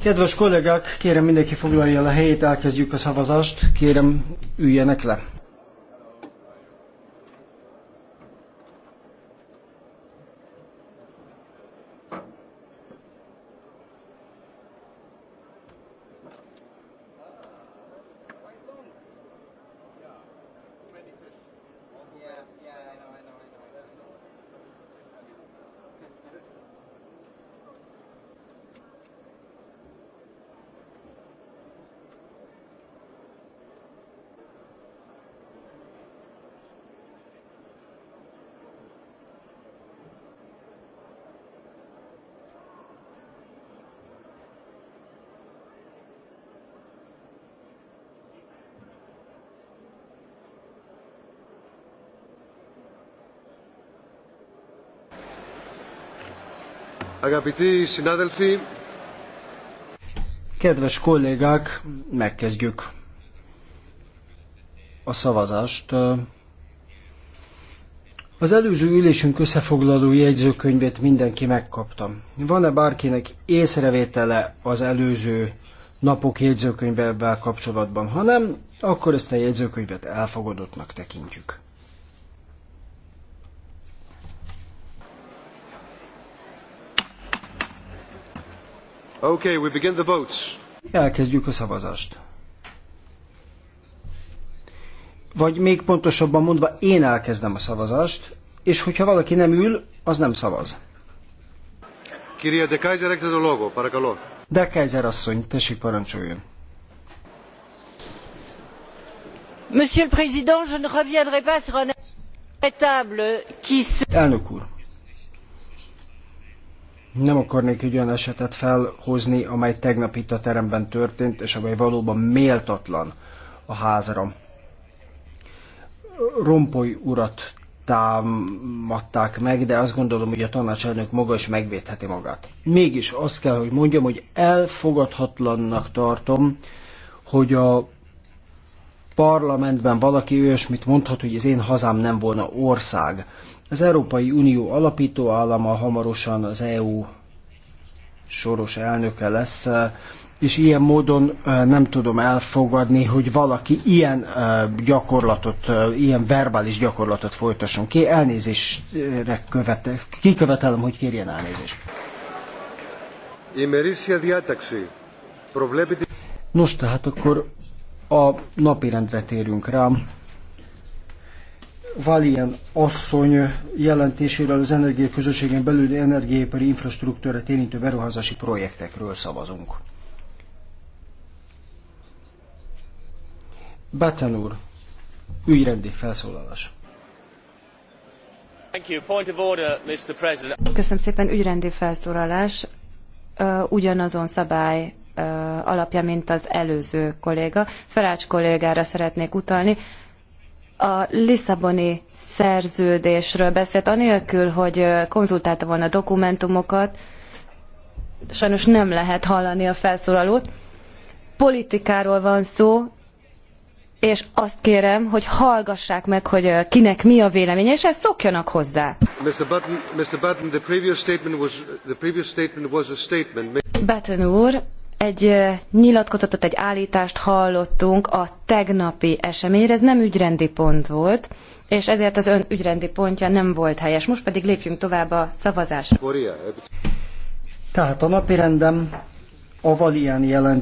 Kedves kollégák, kérem mindenki foglalja el a helyét, elkezdjük a szavazást, kérem üljenek le. Kedves kollégák, megkezdjük a szavazást. Az előző ülésünk összefoglaló jegyzőkönyvét mindenki megkapta. Van-e bárkinek észrevétele az előző napok jegyzőkönyvvel kapcsolatban? Ha nem, akkor ezt a jegyzőkönyvet elfogadottnak tekintjük. Okay, we begin the votes. Elkezdjük a szavazást. Vagy még pontosabban mondva, én elkezdem a szavazást, és hogyha valaki nem ül, az nem szavaz. Kiria de Kaiser, a logo, parakaló. De Kaiser asszony, tessék parancsoljon. Monsieur le Président, je ne reviendrai pas sur un table qui... Elnök úr, nem akarnék egy olyan esetet felhozni, amely tegnap itt a teremben történt, és amely valóban méltatlan a házra. Rompoly urat támadták meg, de azt gondolom, hogy a tanácselnök maga is megvédheti magát. Mégis azt kell, hogy mondjam, hogy elfogadhatlannak tartom, hogy a parlamentben valaki olyasmit mondhat, hogy az én hazám nem volna ország. Az Európai Unió alapító állama hamarosan az EU soros elnöke lesz, és ilyen módon nem tudom elfogadni, hogy valaki ilyen gyakorlatot, ilyen verbális gyakorlatot folytasson ki. Elnézésre követek, kikövetelem, hogy kérjen elnézést. Nos, tehát akkor a napirendre térünk rá. Valien asszony jelentéséről az energiaközösségen belüli energiaipari infrastruktúra érintő beruházási projektekről szavazunk. Batten úr, ügyrendi felszólalás. Köszönöm szépen, ügyrendi felszólalás. Ugyanazon szabály alapja, mint az előző kolléga. Felács kollégára szeretnék utalni. A Lisszaboni szerződésről beszélt, anélkül, hogy konzultálta volna dokumentumokat, sajnos nem lehet hallani a felszólalót. Politikáról van szó, és azt kérem, hogy hallgassák meg, hogy kinek mi a véleménye, és ezt szokjanak hozzá. Mr. Mr. the previous statement was, the previous statement was a statement. Button úr, egy nyilatkozatot, egy állítást hallottunk a tegnapi eseményre, ez nem ügyrendi pont volt, és ezért az ön ügyrendi pontja nem volt helyes. Most pedig lépjünk tovább a szavazásra. Tehát a napirendem jelent